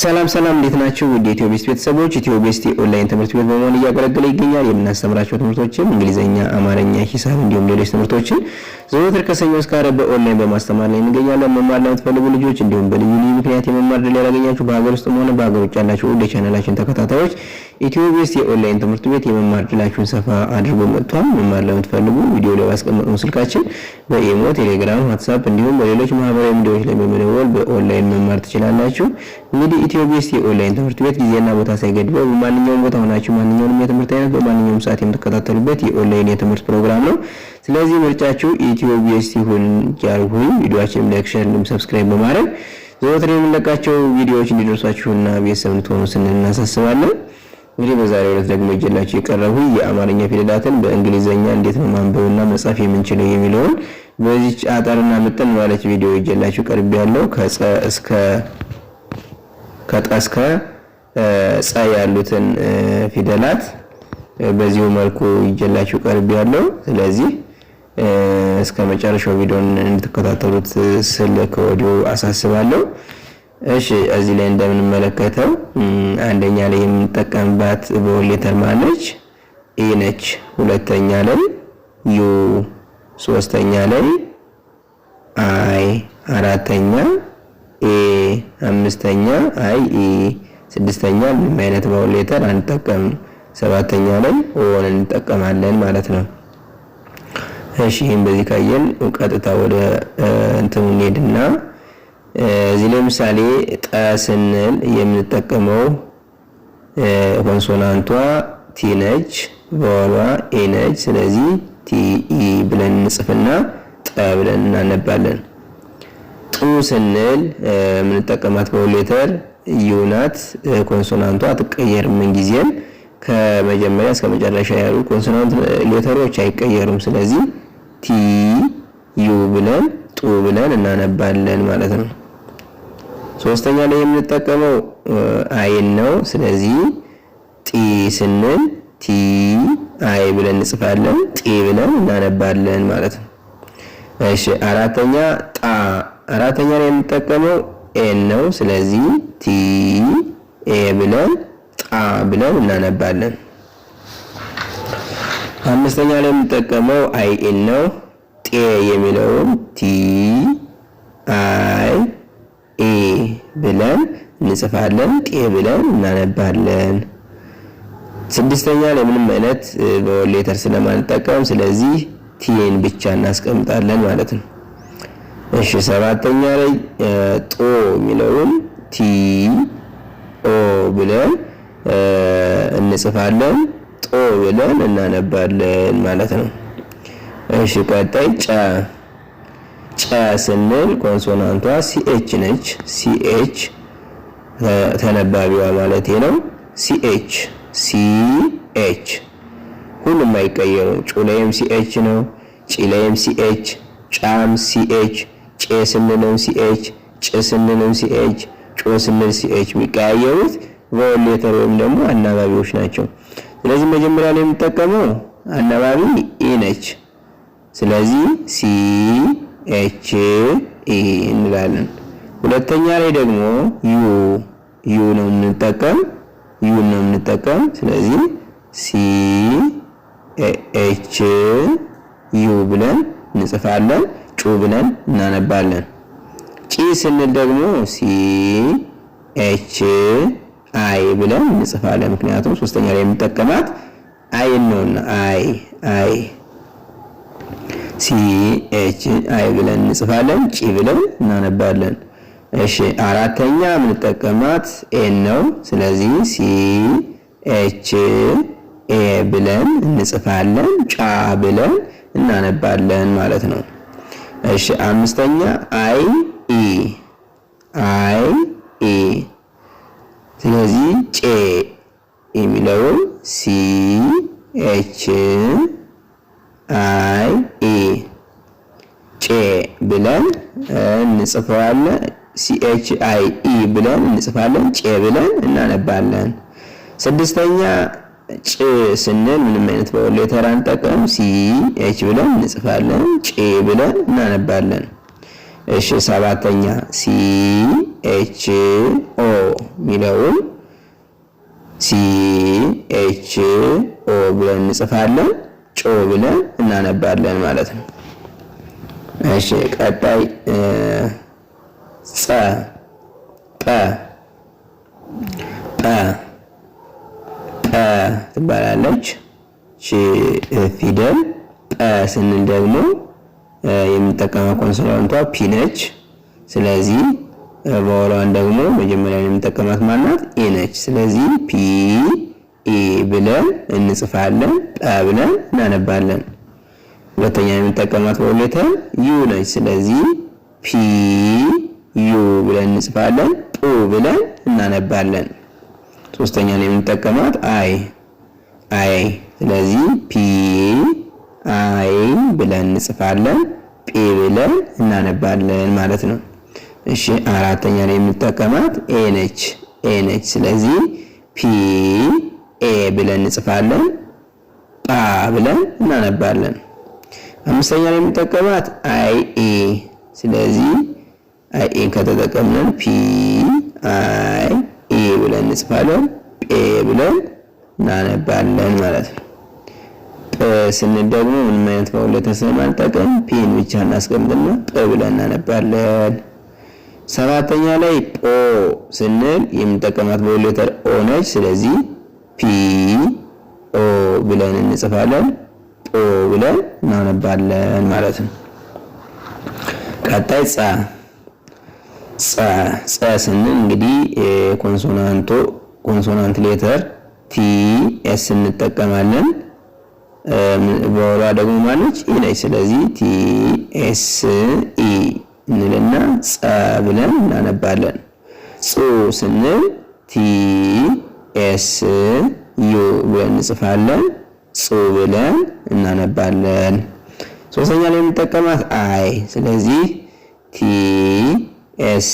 ሰላም ሰላም እንዴት ናችሁ? ውድ ኢትዮ ቤስት ቤተሰቦች ኢትዮ ቤስት ኦንላይን ትምህርት ቤት በመሆን እያገለገለ ይገኛል። የምናስተምራቸው ትምህርቶችም እንግሊዝኛ፣ አማርኛ፣ ሂሳብ እንዲሁም ሌሎች ትምህርቶችን ዘወትር ከሰኞ እስከ ዓርብ በኦንላይን በማስተማር ላይ እንገኛለን። መማር ለምትፈልጉ ልጆች እንዲሁም በልዩ ልዩ ምክንያት የመማር ድል ያላገኛችሁ በሀገር ውስጥ ሆነ በሀገር ውጭ ያላችሁ ውድ የቻናላችን ተከታታዮች ኢትዮ የኦንላይን ትምህርት ቤት የመማር ድላችሁን ሰፋ አድርጎ መጥቷል። መማር ለምትፈልጉ ቪዲዮ ላይ ባስቀመጥነው ስልካችን በኢሞ፣ ቴሌግራም፣ ዋትሳፕ እንዲሁም በሌሎች ማህበራዊ ሚዲያዎች ላይ በመደወል በኦንላይን መማር ትችላላችሁ። እንግዲህ ኢትዮ የኦንላይን ትምህርት ቤት ጊዜና ቦታ ሳይገድበው በማንኛውም ቦታ ሆናችሁ ማንኛውንም የትምህርት አይነት በማንኛውም ሰዓት የምትከታተሉበት የኦንላይን የትምህርት ፕሮግራም ነው። ስለዚህ ምርጫችሁ ኢትዮ ቤስት ይሁን ያልሁኝ። ቪዲዮአችንም ላይክ፣ ሼር እንዲሁም ሰብስክራይብ በማድረግ ዘወትር የምንለቃቸው ቪዲዮዎች እንዲደርሷችሁና ቤተሰብ እንድትሆኑ ስንል እናሳስባለን። እንግዲህ በዛሬው ዕለት ደግሞ ይዤላችሁ የቀረቡ የአማርኛ ፊደላትን በእንግሊዘኛ እንዴት ነው ማንበብና መጻፍ የምንችለው የሚለውን በዚች አጠርና ምጥን ማለት ቪዲዮ ይዤላችሁ ቀርብ ያለው ከጸ እስከ ከጠ እስከ ጸ ያሉትን ፊደላት በዚሁ መልኩ ይዤላችሁ ቀርብ ያለው። ስለዚህ እስከ መጨረሻው ቪዲዮን እንድትከታተሉት ስል ከወዲሁ አሳስባለሁ። እሺ እዚህ ላይ እንደምንመለከተው አንደኛ ላይ የምንጠቀምባት ቮወል ሌተር ማነች? ኤ ነች። ሁለተኛ ላይ ዩ፣ ሶስተኛ ላይ አይ፣ አራተኛ ኤ፣ አምስተኛ አይ ኤ፣ ስድስተኛ ምንም አይነት ቮወል ሌተር አንጠቀምም። ሰባተኛ ላይ ኦን እንጠቀማለን ማለት ነው። እሺ ይህም በዚህ ካየን ቀጥታ ወደ እንትኑ እንሄድና እዚህ ለምሳሌ ጠ ስንል የምንጠቀመው ኮንሶናንቷ ቲ ነች፣ ቫወሏ ኤ ነች። ስለዚህ ቲ ኢ ብለን እንጽፍና ጠ ብለን እናነባለን። ጡ ስንል የምንጠቀማት ቫወል ሌተር ዩ ናት። ኮንሶናንቷ አትቀየርም። ምን ጊዜም ከመጀመሪያ እስከ መጨረሻ ያሉ ኮንሶናንት ሌተሮች አይቀየሩም። ስለዚህ ቲ ዩ ብለን ጡ ብለን እናነባለን ማለት ነው። ሶስተኛ ላይ የምንጠቀመው አይን ነው። ስለዚህ ጢ ስንል ቲ አይ ብለን እንጽፋለን፣ ጢ ብለን እናነባለን ማለት ነው። እሺ አራተኛ ጣ። አራተኛ ላይ የምንጠቀመው ኤን ነው። ስለዚህ ቲ ኤ ብለን ጣ ብለን እናነባለን። አምስተኛ ላይ የምንጠቀመው አይኤን ነው። ጤ የሚለውን ቲ አይ ኤ ብለን እንጽፋለን። ጤ ብለን እናነባለን። ስድስተኛ ላይ ምንም አይነት በወል ሌተር ስለማንጠቀም ስለዚህ ቲን ብቻ እናስቀምጣለን ማለት ነው። እሺ ሰባተኛ ላይ ጦ የሚለውን ቲ ኦ ብለን እንጽፋለን። ጦ ብለን እናነባለን ማለት ነው። እሺ ቀጣይ ጨ ጨ ስንል ኮንሶናንቷ ሲኤች ነች። ሲኤች ተነባቢዋ ማለት ነው። ሲኤች ሲኤች ሁሉም አይቀየሩ። ጩላይም ሲኤች ነው። ጭላይም ሲኤች፣ ጫም ሲኤች፣ ጬ ስንልም ሲኤች፣ ጭ ስንልም ሲኤች፣ ጮ ስንል ሲኤች። የሚቀያየሩት ቫወል ሌተር ወይም ደግሞ አናባቢዎች ናቸው። ስለዚህ መጀመሪያ ላይ የምጠቀመው አናባቢ ኢ ነች። ስለዚህ ሲ ኤች ኤ እንላለን። ሁለተኛ ላይ ደግሞ ዩ ዩ ነው የምንጠቀም ዩ ነው የምንጠቀም። ስለዚህ ሲ ኤች ዩ ብለን እንጽፋለን፣ ጩ ብለን እናነባለን። ጪ ስንል ደግሞ ሲ ኤች አይ ብለን እንጽፋለን። ምክንያቱም ሶስተኛ ላይ የምንጠቀማት አይ ነውና አይ አይ ሲ ኤች አይ ብለን እንጽፋለን። ጪ ብለን እናነባለን። እሺ አራተኛ የምንጠቀማት ኤን ነው። ስለዚህ ሲ ኤች ኤ ብለን እንጽፋለን። ጫ ብለን እናነባለን ማለት ነው። እሺ አምስተኛ አይ ኢ አይ ኢ ስለዚህ ጬ የሚለውን ሲ ኤች እንጽፈዋለን። ሲኤች አይ ኢ ብለን እንጽፋለን። ጬ ብለን እናነባለን። ስድስተኛ ጭ ስንል ምንም አይነት ባወል ሌተር አንጠቀም። ሲ ብለን እንጽፋለን። ጭ ብለን እናነባለን። እሺ ሰባተኛ ሲ ኤች ኦ የሚለውን ሲ ኤች ኦ ብለን እንጽፋለን። ጮ ብለን እናነባለን ማለት ነው። እሺ ቀጣይ ፀ ጠ ጠ ጠ ትባላለች። እሺ ፊደል ጠ ስንል ደግሞ የምንጠቀመው ኮንሶናንቷ ፒ ነች። ስለዚህ በኋላዋን ደግሞ መጀመሪያ የምንጠቀማት ማናት ኤ ነች። ስለዚህ ፒ ኤ ብለን እንጽፋለን፣ ጠ ብለን እናነባለን። ሁለተኛ የምንጠቀማት በሁለተን ዩ ነች። ስለዚህ ፒ ዩ ብለን እንጽፋለን፣ ጡ ብለን እናነባለን። ሶስተኛ ላይ የምንጠቀማት አይ አይ። ስለዚህ ፒ አይ ብለን እንጽፋለን፣ ጲ ብለን እናነባለን ማለት ነው። እሺ አራተኛ ላይ የምንጠቀማት ኤ ነች ኤ ነች። ስለዚህ ፒ ኤ ብለን እንጽፋለን፣ ጳ ብለን እናነባለን። አምስተኛ ላይ የምንጠቀማት አይ ኤ። ስለዚህ አይ ኤ ከተጠቀምነን ፒ አይ ኤ ብለን እንጽፋለን። ጴ ብለን እናነባለን ማለት ነው። ጴ ስንል ደግሞ ምንም አይነት ባውል ስለማንጠቀም ፒን ብቻ እናስቀምጥና ጴ ብለን እናነባለን። ሰባተኛ ላይ ጶ ስንል የምንጠቀማት በሁለተር ኦ ነች። ስለዚህ ፒ ኦ ብለን እንጽፋለን። ጦ ብለን እናነባለን ማለት ነው። ቀጣይ ፀ ፀ ፀ ስንል እንግዲህ ኮንሶናንቶ ኮንሶናንት ሌተር ቲ ኤስ እንጠቀማለን። በኋላ ደግሞ ማለች ኢ ነች። ስለዚህ ቲ ኤስ ኢ እንልና ፀ ብለን እናነባለን። ጹ ስንል ቲ ኤስ ዩ ብለን እንጽፋለን። ጽ ብለን እናነባለን። ሶስተኛ ላይ የምንጠቀማት አይ። ስለዚህ ቲ ኤስ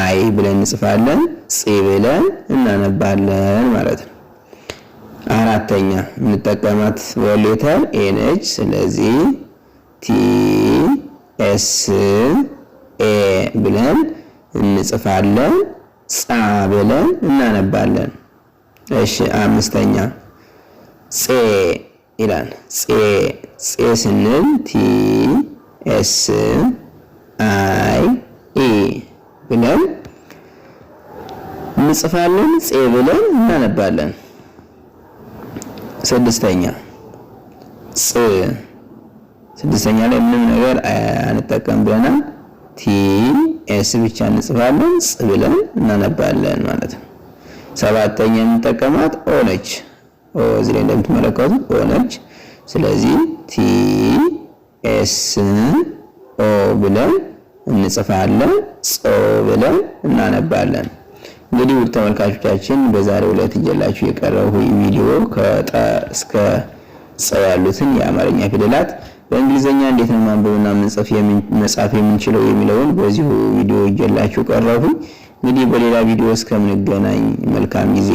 አይ ብለን እንጽፋለን፣ ጽ ብለን እናነባለን ማለት ነው። አራተኛ የምንጠቀማት ወሌተር ኤንች፣ ስለዚህ ቲ ኤስ ኤ ብለን እንጽፋለን፣ ጻ ብለን እናነባለን። እሺ አምስተኛ ጼ ይላል። ጼ ጼ ስንል ቲ ኤስ አይ ኢ ብለን እንጽፋለን። ጼ ብለን እናነባለን። ስድስተኛ ጽ ስድስተኛ ላይ ምንም ነገር አንጠቀም ብለናል። ቲ ኤስ ብቻ እንጽፋለን። ጽ ብለን እናነባለን ማለት ነው። ሰባተኛ የምንጠቀማት ኦ ነች። እዚህ ላይ እንደምትመለከቱት ሆነች። ስለዚህ ቲ ኤስ ኦ ብለን እንጽፋለን፣ ጾ ብለን እናነባለን። እንግዲህ ውድ ተመልካቾቻችን በዛሬው ዕለት እየላችሁ የቀረው ቪዲዮ ከጠ እስከ ጸ ያሉትን የአማርኛ ፊደላት በእንግሊዘኛ እንዴት ነው ማንበብና መጻፍ የምንጻፍ የምንችለው የሚለውን በዚሁ ቪዲዮ እየላችሁ ቀረሁ። እንግዲህ በሌላ ቪዲዮ እስከምንገናኝ መልካም ጊዜ